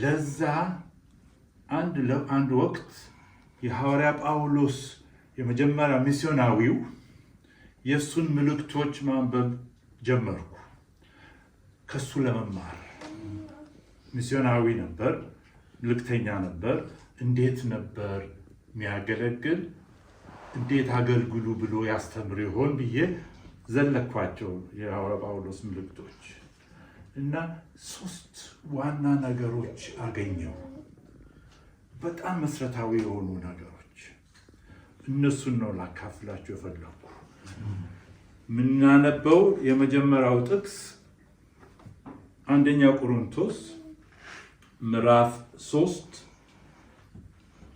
ለዛ አንድ አንድ ወቅት የሐዋርያ ጳውሎስ የመጀመሪያ ሚስዮናዊው የእሱን ምልክቶች ማንበብ ጀመርኩ ከሱ ለመማር። ሚስዮናዊ ነበር፣ ምልክተኛ ነበር። እንዴት ነበር የሚያገለግል? እንዴት አገልግሉ ብሎ ያስተምር ይሆን ብዬ ዘለኳቸው የሐዋርያ ጳውሎስ ምልክቶች እና ሶስት ዋና ነገሮች አገኘው። በጣም መሰረታዊ የሆኑ ነገሮች እነሱን ነው ላካፍላችሁ የፈለኩ። የምናነበው የመጀመሪያው ጥቅስ አንደኛ ቆሮንቶስ ምዕራፍ ሶስት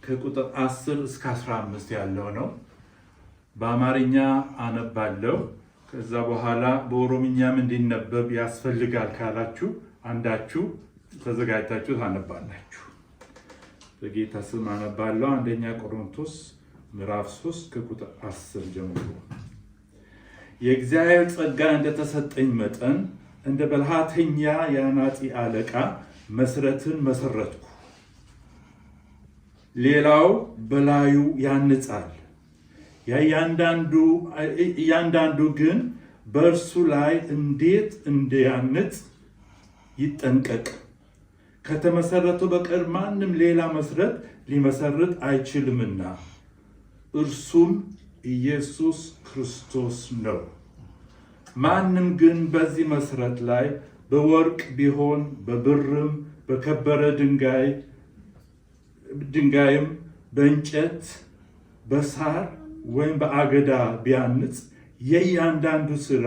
ከቁጥር 10 እስከ 15 ያለው ነው። በአማርኛ አነባለው። ከዛ በኋላ በኦሮምኛም እንዲነበብ ያስፈልጋል ካላችሁ አንዳችሁ ተዘጋጅታችሁ ታነባላችሁ። በጌታ ስም አነባለሁ። አንደኛ ቆሮንቶስ ምዕራፍ 3 ከቁጥር 10 ጀምሮ የእግዚአብሔር ጸጋ እንደተሰጠኝ መጠን እንደ በልሃተኛ የአናጺ አለቃ መስረትን መሰረትኩ፣ ሌላው በላዩ ያንጻል እያንዳንዱ ግን በእርሱ ላይ እንዴት እንዲያንጽ ይጠንቀቅ። ከተመሰረተው በቀር ማንም ሌላ መስረት ሊመሰርት አይችልምና እርሱም ኢየሱስ ክርስቶስ ነው። ማንም ግን በዚህ መስረት ላይ በወርቅ ቢሆን በብርም በከበረ ድንጋይ ድንጋይም በእንጨት በሳር ወይም በአገዳ ቢያንጽ የእያንዳንዱ ስራ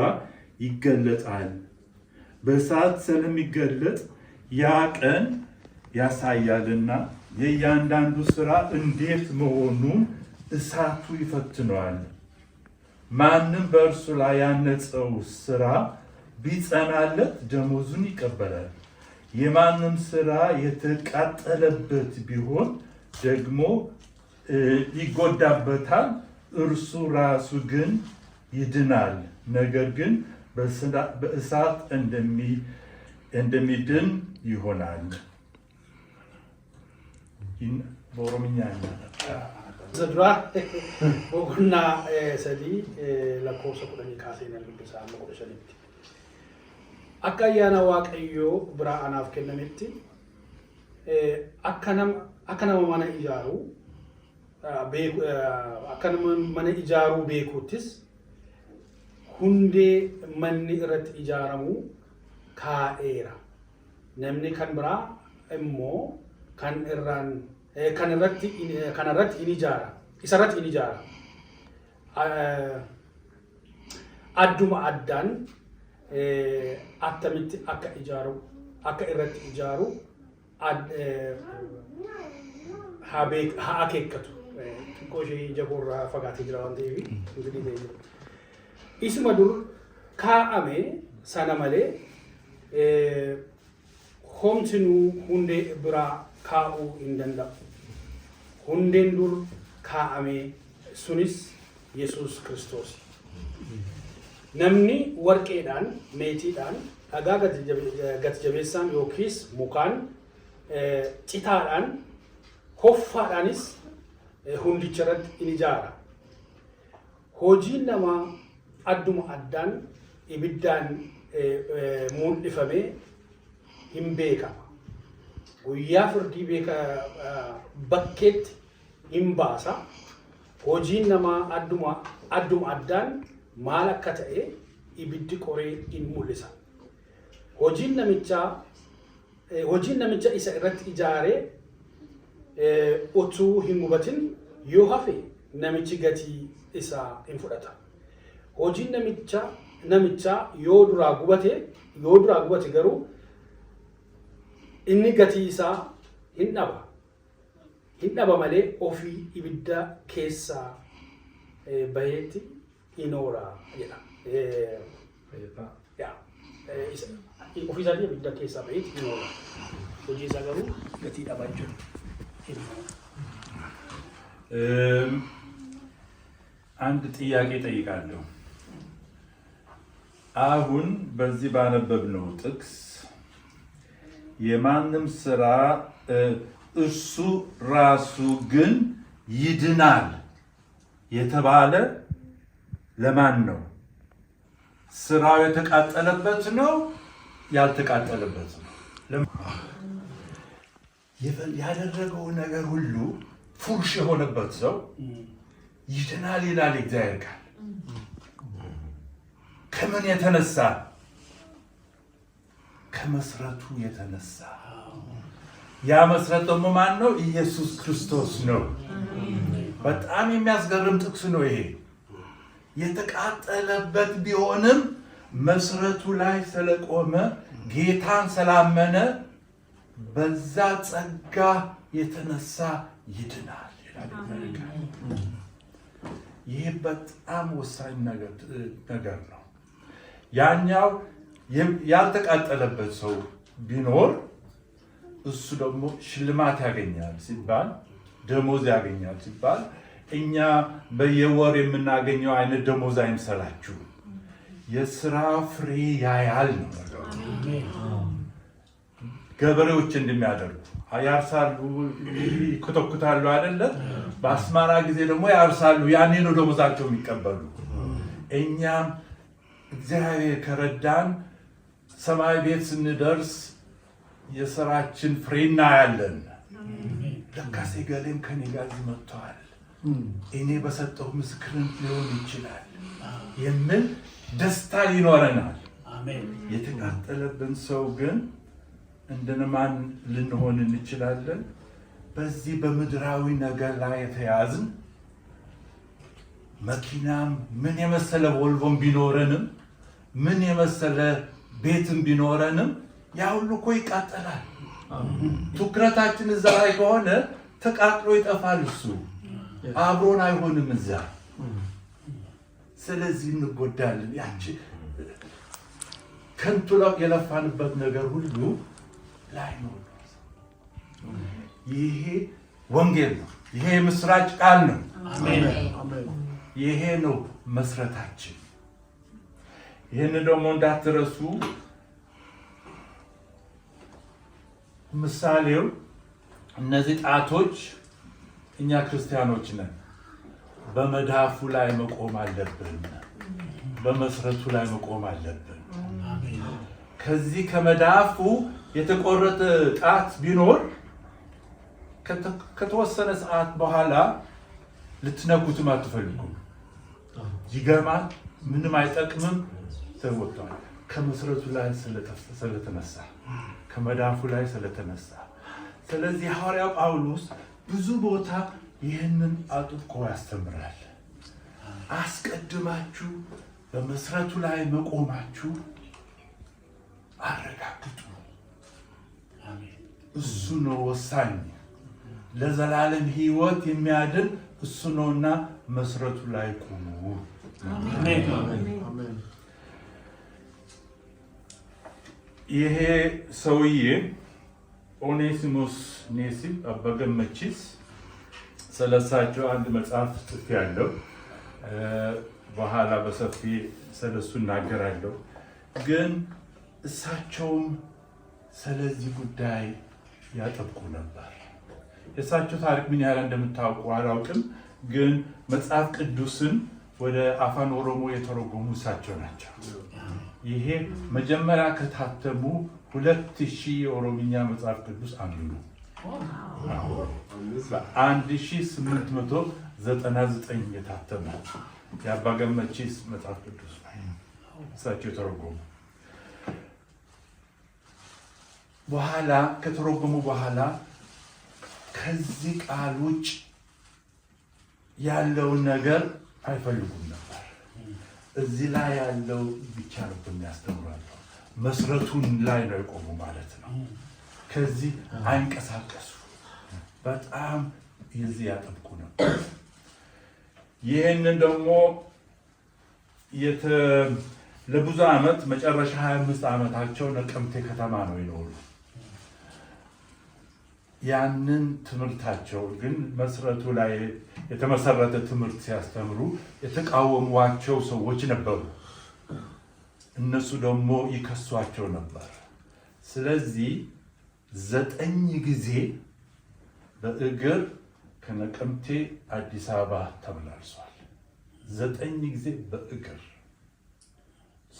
ይገለጣል። በእሳት ስለሚገለጥ ያ ቀን ያሳያልና የእያንዳንዱ ስራ እንዴት መሆኑን እሳቱ ይፈትነዋል። ማንም በእርሱ ላይ ያነጸው ስራ ቢጸናለት ደሞዙን ይቀበላል። የማንም ስራ የተቃጠለበት ቢሆን ደግሞ ይጎዳበታል እርሱ ራሱ ግን ይድናል፣ ነገር ግን በእሳት እንደሚድን ይሆናል። በኦሮምኛ ዘድራ ቡና ሰዲ ለኮብሰ ቁደኒ ካሴነን ብሳ ቁደሸኒቲ akka ayyaana waaqayyoo biraa anaaf akkanuma mana ijaaruu beekuuttis hundee manni irratti ijaaramu kaa'eera. Namni kan biraa immoo kan irraan kan irratti kan irratti in ijaara isa irratti in ijaara. Adduma addaan attamitti akka ijaaru akka irratti ijaaru haa akeekkatu. xiqqoo ishee jaboo irraa fagaatee jira waan ta'eef ingilisii jechuudha. Isuma dur kaa'ame sana malee homsinuu hundee biraa kaa'uu hin danda'u. Hundeen dur kaa'ame sunis Yesuus Kiristoos. Namni warqeedhaan, meetiidhaan, dhagaa gati-jabeessaan yookiis mukaan citaadhaan, hoffaadhaanis hundi irratti in ijaara. Hojiin namaa adduma addaan ibiddaan muudhifamee hin beekama. Guyyaa firdii beeka bakkeetti hin baasa. Hojiin namaa adduma adduma addaan maal akka ta'e ibiddi qoree in mul'isa. Hojiin namichaa hojiin namicha isa irratti ijaaree utuu hin hubatin yoo hafe namichi gatii isaa hin fudhata. Hojiin namicha namichaa yoo duraa gubate yoo duraa gubate garuu inni gatii isaa hin dhaba. Hin dhaba malee ofii ibidda keessaa baheetti hin ooraa jedha. Ofii isaatii ibidda keessaa baheetti hin ooraa. Hojii isaa garuu gatii dhabaa jechuudha. አንድ ጥያቄ ጠይቃለሁ። አሁን በዚህ ባነበብነው ጥቅስ የማንም ስራ እርሱ ራሱ ግን ይድናል የተባለ ለማን ነው? ስራው የተቃጠለበት ነው? ያልተቃጠለበት ነው? ያደረገው ነገር ሁሉ ፉርሽ የሆነበት ሰው ይድናል ይላል እግዚአብሔር ቃል። ከምን የተነሳ? ከመስረቱ የተነሳ። ያ መስረት ደግሞ ማን ነው? ኢየሱስ ክርስቶስ ነው። በጣም የሚያስገርም ጥቅስ ነው ይሄ። የተቃጠለበት ቢሆንም መስረቱ ላይ ስለቆመ ጌታን ስላመነ በዛ ጸጋ የተነሳ ይድናል ይላል። ይህ በጣም ወሳኝ ነገር ነው። ያኛው ያልተቃጠለበት ሰው ቢኖር እሱ ደግሞ ሽልማት ያገኛል ሲባል ደሞዝ ያገኛል ሲባል እኛ በየወር የምናገኘው አይነት ደሞዝ አይምሰላችሁ። የስራ ፍሬ ያያል ነው ነገሩ። ገበሬዎች እንደሚያደርጉ ያርሳሉ፣ ይኮተኩታሉ አይደለ? በአስመራ ጊዜ ደግሞ ያርሳሉ። ያኔ ነው ደሞዛቸው የሚቀበሉ። እኛም እግዚአብሔር ከረዳን ሰማይ ቤት ስንደርስ የስራችን ፍሬ እናያለን። ለካሴ ገሌም ከኔ ጋር መጥተዋል፣ እኔ በሰጠው ምስክርን ሊሆን ይችላል የሚል ደስታ ይኖረናል። የተቃጠለብን ሰው ግን እንደነማን ልንሆን እንችላለን? በዚህ በምድራዊ ነገር ላይ የተያዝን መኪናም ምን የመሰለ ቮልቮም ቢኖረንም ምን የመሰለ ቤትም ቢኖረንም ያ ሁሉ እኮ ይቃጠላል። ትኩረታችን እዛ ላይ ከሆነ ተቃጥሎ ይጠፋል። እሱ አብሮን አይሆንም እዛ። ስለዚህ እንጎዳለን። ያቺ ከንቱ የለፋንበት ነገር ሁሉ ነው። ይሄ ወንጌል ነው። ይሄ ምስራች ቃል ነው። ይሄ ነው መስረታችን። ይህን ደግሞ እንዳትረሱ። ምሳሌው እነዚህ ጣቶች እኛ ክርስቲያኖች ነን። በመዳፉ ላይ መቆም አለብን። በመስረቱ ላይ መቆም አለብን። ከዚህ ከመዳፉ የተቆረጠ ጣት ቢኖር ከተወሰነ ሰዓት በኋላ ልትነኩትም አትፈልጉም። ይገርማል። ምንም አይጠቅምም። ተወጥቷል። ከመሰረቱ ላይ ስለተነሳ ከመዳፉ ላይ ስለተነሳ። ስለዚህ ሐዋርያው ጳውሎስ ብዙ ቦታ ይህንን አጥብቆ ያስተምራል። አስቀድማችሁ በመሰረቱ ላይ መቆማችሁ አረጋግጡ። እሱ ነው ወሳኝ። ለዘላለም ህይወት የሚያድን እሱ ነውና መስረቱ ላይ ቁሙ። ይሄ ሰውዬ ኦኔሲሞስ ኔሲ አበገመቺስ ስለሳቸው አንድ መጽሐፍ ጽፍ ያለው በኋላ በሰፊ ስለሱ እናገራለሁ ግን እሳቸውም ስለዚህ ጉዳይ ያጠብቁ ነበር። የእሳቸው ታሪክ ምን ያህል እንደምታውቁ አላውቅም፣ ግን መጽሐፍ ቅዱስን ወደ አፋን ኦሮሞ የተረጎሙ እሳቸው ናቸው። ይሄ መጀመሪያ ከታተሙ ሁለት ሺህ የኦሮምኛ መጽሐፍ ቅዱስ አንዱ ነው። በአንድ ሺህ ስምንት መቶ ዘጠና ዘጠኝ የታተመ የአባ መጽሐፍ ቅዱስ እሳቸው የተረጎሙ በኋላ ከተረጎሙ በኋላ ከዚህ ቃል ውጭ ያለውን ነገር አይፈልጉም ነበር። እዚህ ላይ ያለው ብቻ ነው የሚያስተምራለሁ። መስረቱን ላይ ነው የቆሙ ማለት ነው። ከዚህ አይንቀሳቀሱ። በጣም የዚህ ያጠብቁ ነው። ይህንን ደግሞ ለብዙ ዓመት መጨረሻ 25 ዓመታቸው ነቀምቴ ከተማ ነው የኖሩ ያንን ትምህርታቸው ግን መስረቱ ላይ የተመሰረተ ትምህርት ሲያስተምሩ የተቃወሟቸው ሰዎች ነበሩ። እነሱ ደግሞ ይከሷቸው ነበር። ስለዚህ ዘጠኝ ጊዜ በእግር ከነቀምቴ አዲስ አበባ ተመላልሷል። ዘጠኝ ጊዜ በእግር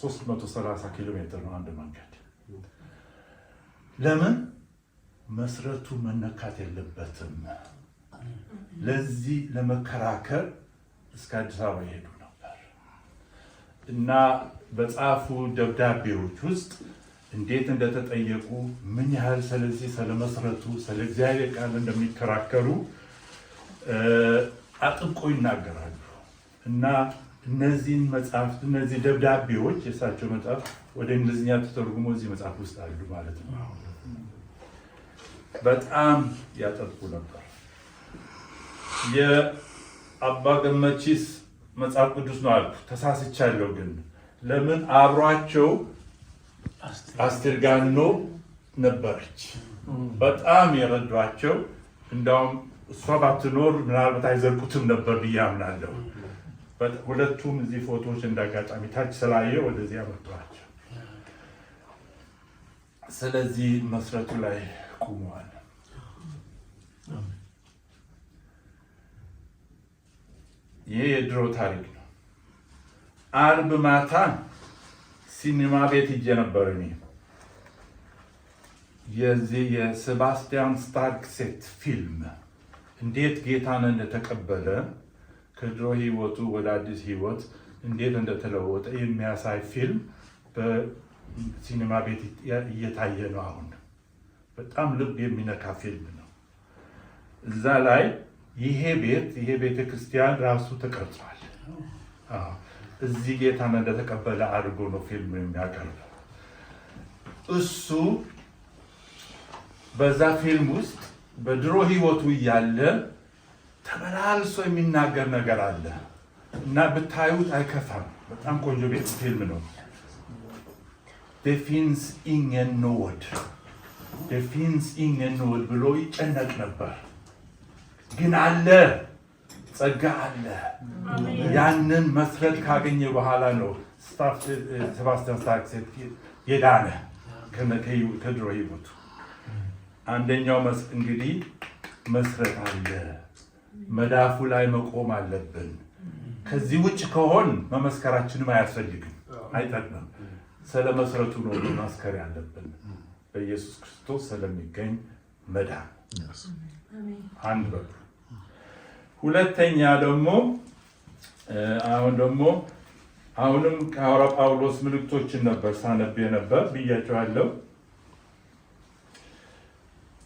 330 ኪሎ ሜትር ነው አንድ መንገድ። ለምን መስረቱ መነካት የለበትም። ለዚህ ለመከራከር እስከ አዲስ አበባ ይሄዱ ነበር እና በጻፉ ደብዳቤዎች ውስጥ እንዴት እንደተጠየቁ ምን ያህል ስለዚህ ስለመስረቱ ስለ እግዚአብሔር ቃል እንደሚከራከሩ አጥብቆ ይናገራሉ እና እነዚህን መጽሐፍት እነዚህ ደብዳቤዎች የእሳቸው መጽሐፍ ወደ እንግሊዝኛ ተተርጉሞ እዚህ መጽሐፍ ውስጥ አሉ ማለት ነው። በጣም ያጠጡ ነበር። የአባ ገመቺስ መጽሐፍ ቅዱስ ነው አልኩ፣ ተሳስቻለሁ። ግን ለምን አብሯቸው አስተርጋኖ ነበረች፣ በጣም የረዷቸው። እንዳውም እሷ ባትኖር ምናልባት አይዘርቁትም ነበር ብዬ አምናለሁ። ሁለቱም እዚህ ፎቶዎች እንዳጋጣሚ ታች ስላየ ወደዚህ አመጣኋቸው። ስለዚህ መስረቱ ላይ ቆመዋል። ይህ የድሮ ታሪክ ነው። አርብ ማታ ሲኒማ ቤት ሄጄ ነበር። እኔ የዚህ የሴባስቲያን ሴት ፊልም እንዴት ጌታን እንደተቀበለ ከድሮ ህይወቱ ወደ አዲስ ህይወት እንዴት እንደተለወጠ የሚያሳይ ፊልም በሲኒማ ቤት እየታየ ነው አሁን በጣም ልብ የሚነካ ፊልም ነው። እዛ ላይ ይሄ ቤት ይሄ ቤተ ክርስቲያን ራሱ ተቀርጿል። እዚህ ጌታን እንደተቀበለ አድርጎ ነው ፊልም የሚያቀርበው። እሱ በዛ ፊልም ውስጥ በድሮ ህይወቱ እያለ ተመላልሶ የሚናገር ነገር አለ እና ብታዩት አይከፋም። በጣም ቆንጆ ቤት ፊልም ነው። Det ኢንየን ኖወድ Det finns ingen nåd ብሎ ይጨነቅ ነበር። ግን አለ ጸጋ አለ። ያንን መስረት ካገኘ በኋላ ነው ሴባስቲያን ስታክስ የዳነ ከድሮ ሕይወቱ። አንደኛው እንግዲህ መስረት አለ፣ መዳፉ ላይ መቆም አለብን። ከዚህ ውጭ ከሆን መመስከራችንም አያስፈልግም፣ አይጠቅምም። ስለ መሰረቱ ነው መመስከር ያለብን። በኢየሱስ ክርስቶስ ስለሚገኝ መዳን አንድ በሉ። ሁለተኛ ደግሞ አሁን ደግሞ አሁንም ከሐዋርያ ጳውሎስ ምልክቶችን ነበር ሳነብ ነበር ብያቸዋለሁ።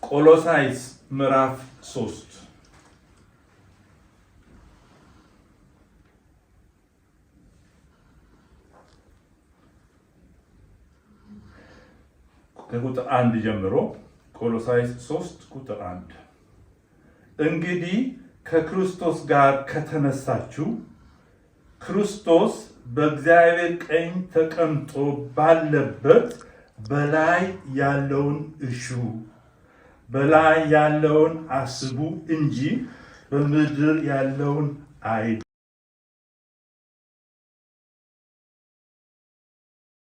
ቆሎሳይስ ምዕራፍ ሶስት ከቁጥር አንድ ጀምሮ ቆሎሳይስ 3 ቁጥር 1 እንግዲህ ከክርስቶስ ጋር ከተነሳችሁ ክርስቶስ በእግዚአብሔር ቀኝ ተቀምጦ ባለበት በላይ ያለውን እሹ በላይ ያለውን አስቡ እንጂ በምድር ያለውን አይ